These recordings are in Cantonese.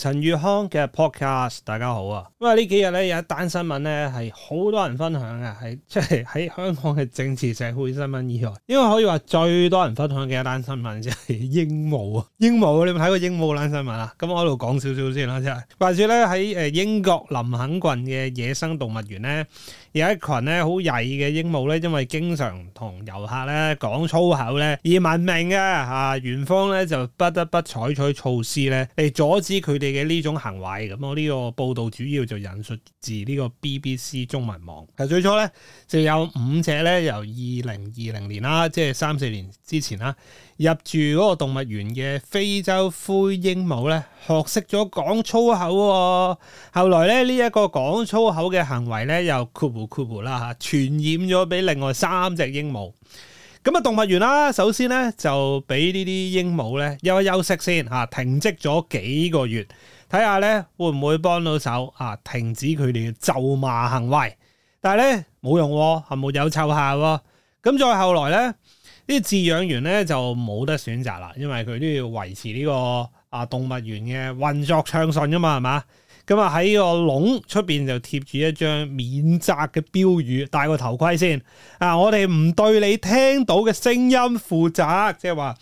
陳宇康嘅 podcast，大家好啊！因為呢幾日咧有一單新聞咧係好多人分享嘅，係即係喺香港嘅政治社會新聞以外，因為可以話最多人分享嘅一單新聞即係鸚鵡啊！鸚鵡，你有冇睇過鸚鵡單新聞啊？咁我喺度講少少先啦，即係話說咧喺誒英國林肯郡嘅野生動物園咧有一群咧好曳嘅鸚鵡咧，因為經常同遊客咧講粗口咧而聞名嘅吓，園方咧就不得不採取措施咧嚟阻止佢哋嘅呢種行為咁，我呢個報道主要就引述自呢個 BBC 中文網。其實最初呢就有五隻呢由二零二零年啦，即係三四年之前啦，入住嗰個動物園嘅非洲灰鸚鵡呢學識咗講粗口，哦。後來咧呢一個講粗口嘅行為呢，又擴乎擴乎啦吓，傳染咗俾另外三隻鸚鵡。咁啊，動物園啦，首先咧就俾呢啲鸚鵡咧休休息先嚇，停職咗幾個月，睇下咧會唔會幫到手啊，停止佢哋嘅咒罵行為。但係咧冇用喎，係冇有成效喎。咁再後來咧，呢啲飼養員咧就冇得選擇啦，因為佢都要維持呢個啊動物園嘅運作暢順啊嘛，係嘛？咁啊，喺個籠出邊就貼住一張免責嘅標語，戴個頭盔先啊！我哋唔對你聽到嘅聲音負責，即係話。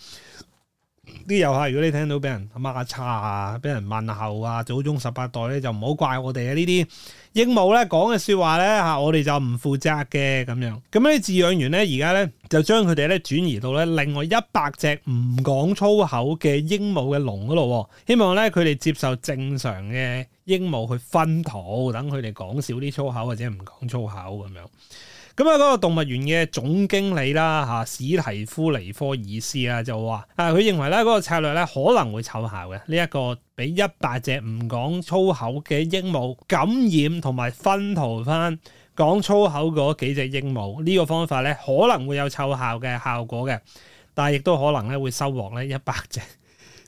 啲遊客如果你聽到俾人抹叉啊，俾人問候啊，祖宗十八代咧就唔好怪我哋啊！呢啲鸚鵡咧講嘅説話咧嚇，我哋就唔負責嘅咁樣。咁呢啲飼養員咧而家咧就將佢哋咧轉移到咧另外一百隻唔講粗口嘅鸚鵡嘅籠嗰度，希望咧佢哋接受正常嘅鸚鵡去熏陶，等佢哋講少啲粗口或者唔講粗口咁樣。咁啊，嗰個動物園嘅總經理啦嚇史提夫尼科爾斯啦，就話啊，佢認為咧嗰個策略咧可能會奏效嘅。呢一個俾一百隻唔講粗口嘅鸚鵡感染同埋熏陶翻講粗口嗰幾隻鸚鵡，呢個方法咧可能會有奏效嘅效果嘅，但係亦都可能咧會收穫咧一百隻，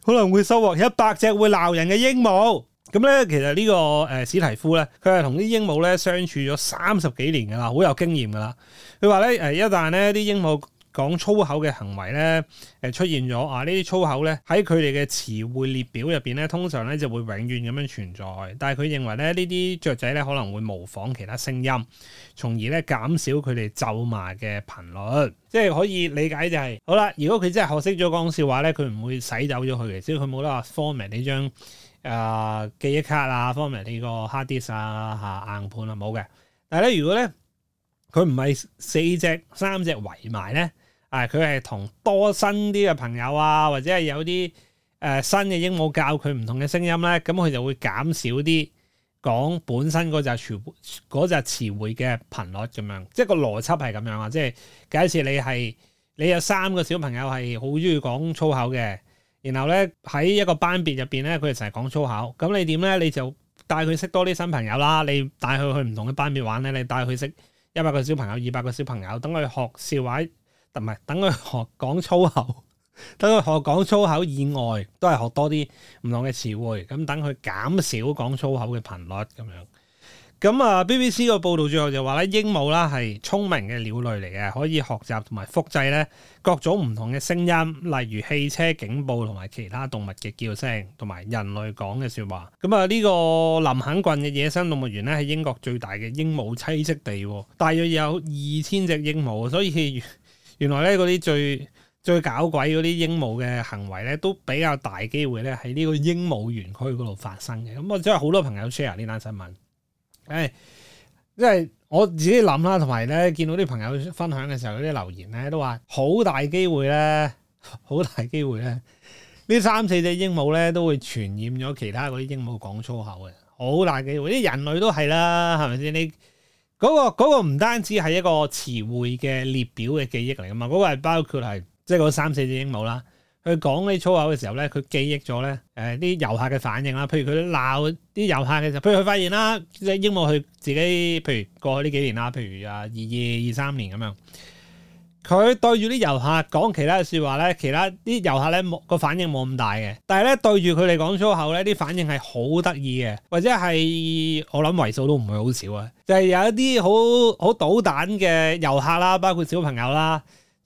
可能會收穫一百隻會鬧人嘅鸚鵡。咁咧、嗯，其實呢、呢個誒、呃、史提夫咧，佢係同啲鸚鵡咧相處咗三十幾年嘅啦，好有經驗嘅啦。佢話咧誒，一旦呢啲鸚鵡講粗口嘅行為咧誒出現咗啊，呢啲粗口咧喺佢哋嘅詞彙列表入邊咧，通常咧就會永遠咁樣存在。但係佢認為咧呢啲雀仔咧可能會模仿其他聲音，從而咧減少佢哋咒罵嘅頻率，即係可以理解就係、是、好啦。如果佢真係學識咗講笑話咧，佢唔會洗走咗佢嘅，只要佢冇得話 form 誒呢張。啊、呃、記憶卡啊方面 r m 呢個 hard disk 啊，嚇硬盤啊冇嘅，啊啊。但係咧，如果咧佢唔係四隻三隻圍埋咧，啊佢係同多新啲嘅朋友啊，或者係有啲誒、呃、新嘅鸚鵡教佢唔同嘅聲音咧，咁、嗯、佢就會減少啲講本身嗰隻全隻詞彙嘅頻率咁樣，即係個邏輯係咁樣啊！即係假設你係你有三個小朋友係好中意講粗口嘅。然後咧喺一個班別入邊咧，佢哋就成日講粗口。咁你點咧？你就帶佢識多啲新朋友啦。你帶佢去唔同嘅班別玩咧，你帶佢識一百個小朋友、二百個小朋友。等佢學笑話，唔係等佢學講粗口。等佢學講粗口以外，都係學多啲唔同嘅詞彙。咁等佢減少講粗口嘅頻率咁樣。咁啊，BBC 個報道最後就話咧，鸚鵡啦係聰明嘅鳥類嚟嘅，可以學習同埋複製咧各種唔同嘅聲音，例如汽車警報同埋其他動物嘅叫聲，同埋人類講嘅說話。咁啊，呢個林肯郡嘅野生動物園咧係英國最大嘅鸚鵡棲息地，大約有二千隻鸚鵡，所以原來咧嗰啲最最搞鬼嗰啲鸚鵡嘅行為咧都比較大機會咧喺呢個鸚鵡園區嗰度發生嘅。咁啊，真係好多朋友 share 呢單新聞。誒、哎，因為我自己諗啦，同埋咧見到啲朋友分享嘅時候，有啲留言咧都話好大機會咧，好大機會咧，呢三四隻鸚鵡咧都會傳染咗其他嗰啲鸚鵡講粗口嘅，好大機會，啲人類都係啦，係咪先？你嗰、嗰個、嗰個唔單止係一個詞彙嘅列表嘅記憶嚟噶嘛，嗰、嗰個係包括係即係嗰三四隻鸚鵡啦。佢講呢粗口嘅時候咧，佢記憶咗咧，誒啲遊客嘅反應啦，譬如佢鬧啲遊客嘅時候，譬如佢發現啦，即係鸚鵡佢自己，譬如過去呢幾年啦，譬如啊二二二三年咁樣，佢對住啲遊客講其他嘅説話咧，其他啲遊客咧冇個反應冇咁大嘅，但係咧對住佢哋講粗口咧，啲反應係好得意嘅，或者係我諗為數都唔會好少啊，就係、是、有一啲好好搗蛋嘅遊客啦，包括小朋友啦。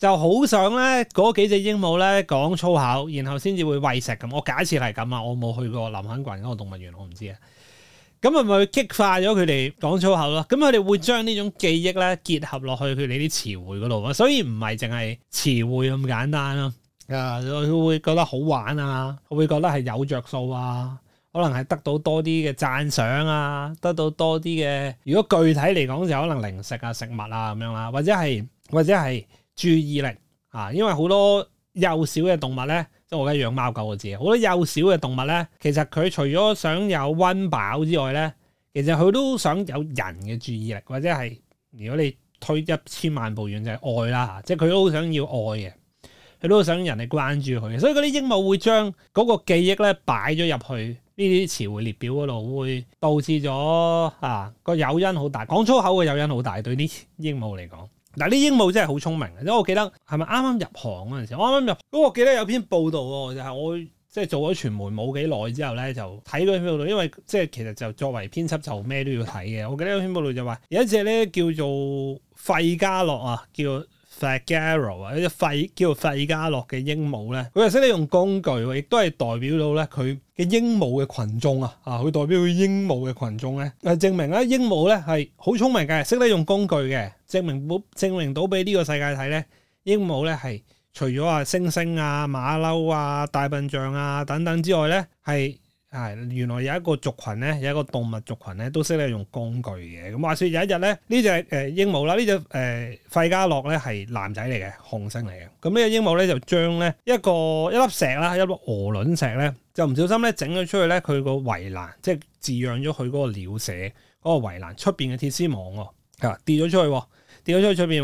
就好想咧，嗰幾隻鸚鵡咧講粗口，然後先至會餵食咁。我假設係咁啊，我冇去過林肯郡嗰個動物園，我唔知啊。咁係咪激化咗佢哋講粗口咯？咁佢哋會將呢種記憶咧結合落去佢哋啲詞彙嗰度啊，所以唔係淨係詞彙咁簡單咯。啊，佢會覺得好玩啊，佢會覺得係有着數啊，可能係得到多啲嘅讚賞啊，得到多啲嘅。如果具體嚟講，就可能零食啊、食物啊咁樣啦，或者係，或者係。注意力啊，因為好多幼小嘅動物咧，即係我而家養貓狗嘅字，好多幼小嘅動物咧，其實佢除咗想有温飽之外咧，其實佢都想有人嘅注意力，或者係如果你推一千萬步遠就係愛啦，即係佢都好想要愛嘅，佢都好想人哋關注佢，所以嗰啲鸚鵡會將嗰個記憶咧擺咗入去呢啲詞彙列表嗰度，會導致咗啊個誘因好大，講粗口嘅誘因好大，對啲鸚鵡嚟講。嗱，呢鸚鵡真係好聰明嘅，因為我記得係咪啱啱入行嗰陣時，我啱啱入，咁我記得有篇報道喎，就係、是、我即係、就是、做咗傳媒冇幾耐之後咧，就睇到篇報道，因為即係其實就作為編輯就咩都要睇嘅。我記得有篇報道就話有一隻咧叫做費加洛啊，叫啊，叫做《Figaro》啊，一隻費叫做費加洛嘅鸚鵡咧，佢、係、識得用工具，亦都係代表到咧佢嘅鸚鵡嘅群眾啊，啊，佢代表佢鸚鵡嘅群眾咧，係證明咧鸚鵡咧係好聰明嘅，識得用工具嘅。證明到證明到俾呢個世界睇咧，鸚鵡咧係除咗啊猩猩啊馬騮啊大笨象啊等等之外咧，係啊原來有一個族群咧有一個動物族群咧都識得用工具嘅。咁話説有一日咧，呢隻誒鸚鵡啦，呢、呃、隻誒費加洛咧係男仔嚟嘅雄性嚟嘅。咁呢隻鸚鵡咧就將咧一個一粒石啦，一粒鵝卵石咧，就唔小心咧整咗出去咧佢個圍欄，即係飼養咗佢嗰個鳥舍嗰個圍欄出邊嘅鐵絲網喎，啊跌咗出去喎。掉咗出去出邊，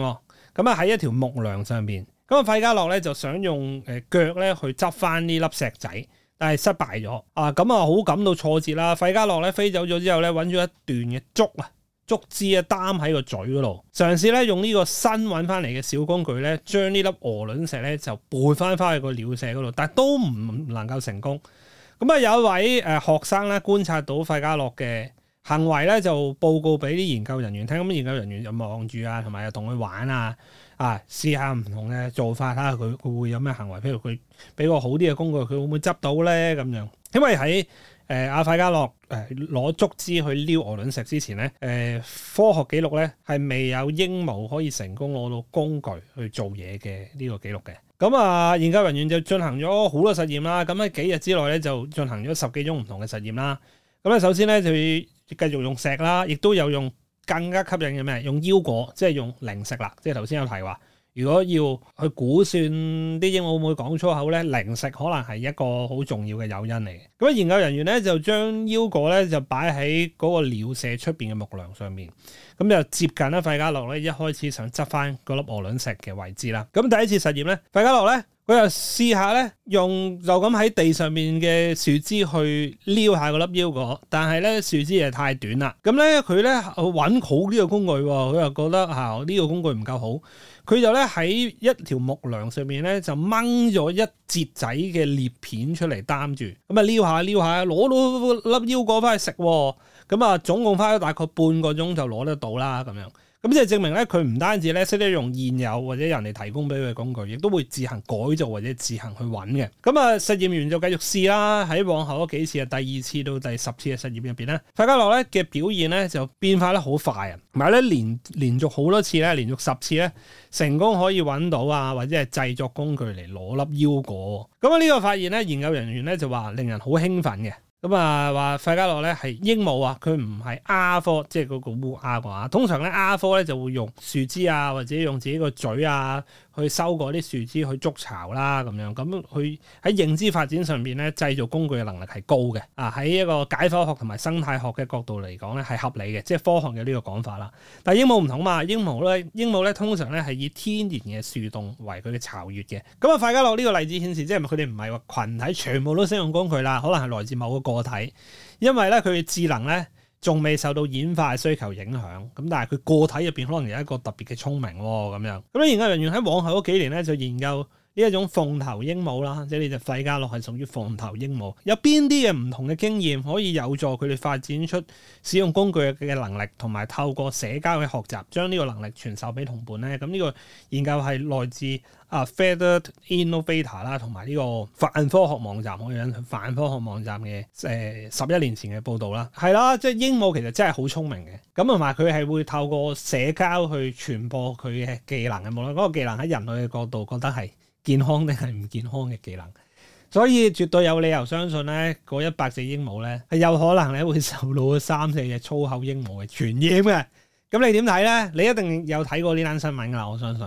咁啊喺一條木梁上邊，咁啊費加洛咧就想用誒腳咧去執翻呢粒石仔，但係失敗咗，啊咁啊好感到挫折啦。費加洛咧飛走咗之後咧，揾咗一段嘅竹啊竹枝啊擔喺個嘴嗰度，嘗試咧用呢個新揾翻嚟嘅小工具咧，將呢粒鵝卵石咧就背翻翻去個鳥舍嗰度，但係都唔能夠成功。咁、嗯、啊有一位誒、呃、學生咧觀察到費加洛嘅。行為咧就報告俾啲研究人員聽，咁研究人員有有又望住啊，同埋又同佢玩啊，啊試下唔同嘅做法睇下，佢佢會有咩行為？譬如佢俾個好啲嘅工具，佢會唔會執到咧？咁樣，因為喺誒阿費加洛誒攞竹枝去撩鵝卵石之前咧，誒、啊、科學紀錄咧係未有鸚鵡可以成功攞到工具去做嘢嘅呢個紀錄嘅。咁啊，研究人員就進行咗好多實驗啦，咁喺幾日之內咧就進行咗十幾種唔同嘅實驗啦。咁咧首先咧就。繼續用石啦，亦都有用更加吸引嘅咩，用腰果，即係用零食啦。即係頭先有提話，如果要去估算啲鸚鵡會唔會講粗口咧，零食可能係一個好重要嘅誘因嚟嘅。咁研究人員咧就將腰果咧就擺喺嗰個鳥舍出邊嘅木梁上面，咁就接近啦。費加洛咧一開始想執翻嗰粒鵝卵石嘅位置啦。咁第一次實驗咧，費加洛咧。佢又試下咧，用就咁喺地上面嘅樹枝去撩下個粒腰果，但係咧樹枝係太短啦。咁咧佢咧揾好呢個工具，佢又覺得吓呢個工具唔夠好。佢就咧喺一條木梁上面咧就掹咗一節仔嘅裂片出嚟擔住，咁啊撩下撩下，攞到粒腰果翻去食。咁、哦、啊，總共花咗大概半個鐘就攞得到啦，咁樣。咁即係證明咧，佢唔單止咧識得用現有或者人哋提供俾佢嘅工具，亦都會自行改造或者自行去揾嘅。咁啊，實驗員就繼續試啦。喺往後嗰幾次啊，第二次到第十次嘅實驗入邊咧，費加洛咧嘅表現咧就變化得好快啊！同埋咧，連連續好多次咧，連續十次咧，成功可以揾到啊，或者係製作工具嚟攞粒腰果。咁啊，呢個發現咧，研究人員咧就話令人好興奮嘅。咁啊，話費加樂咧係鸚鵡啊，佢唔係鴉科，即係嗰個烏鴉嘅話，通常咧，鴉科咧就會用樹枝啊，或者用自己個嘴啊。去收嗰啲樹枝去築巢啦，咁樣咁佢喺認知發展上邊咧，製造工具嘅能力係高嘅，啊喺一個解剖學同埋生態學嘅角度嚟講咧，係合理嘅，即係科學嘅呢個講法啦。但係鸚鵡唔同嘛，鸚鵡咧，鸚鵡咧通常咧係以天然嘅樹洞為佢嘅巢穴嘅。咁啊，費加洛呢個例子顯示，即係佢哋唔係話群體全部都使用工具啦，可能係來自某個個體，因為咧佢嘅智能咧。仲未受到演化需求影響，咁但係佢個體入邊可能有一個特別嘅聰明喎，咁樣。咁咧研究人員喺往後嗰幾年咧就研究。呢一種鳳頭鸚鵡啦，即係你隻費加洛係屬於鳳頭鸚鵡，有邊啲嘅唔同嘅經驗可以有助佢哋發展出使用工具嘅能力，同埋透過社交去學習，將呢個能力傳授俾同伴咧？咁呢個研究係來自啊 Federated Innovator 啦，同埋呢個泛科學網站，嗰樣泛科學網站嘅誒十一年前嘅報導啦，係啦，即係鸚鵡其實真係好聰明嘅，咁同埋佢係會透過社交去傳播佢嘅技能嘅，無論嗰個技能喺人類嘅角度覺得係。健康定係唔健康嘅技能，所以絕對有理由相信呢嗰一百隻鸚鵡呢，係有可能咧會受到三四隻粗口鸚鵡嘅傳染嘅。咁你點睇呢？你一定有睇過呢單新聞噶啦，我相信，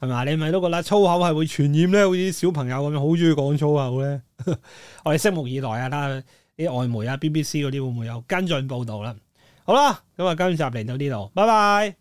係咪？你咪都覺得粗口係會傳染呢？好似小朋友咁樣好中意講粗口呢？ 我哋拭目以待啊！睇下啲外媒啊、BBC 嗰啲會唔會有跟進報導啦？好啦，咁啊，今集嚟到呢度，拜拜。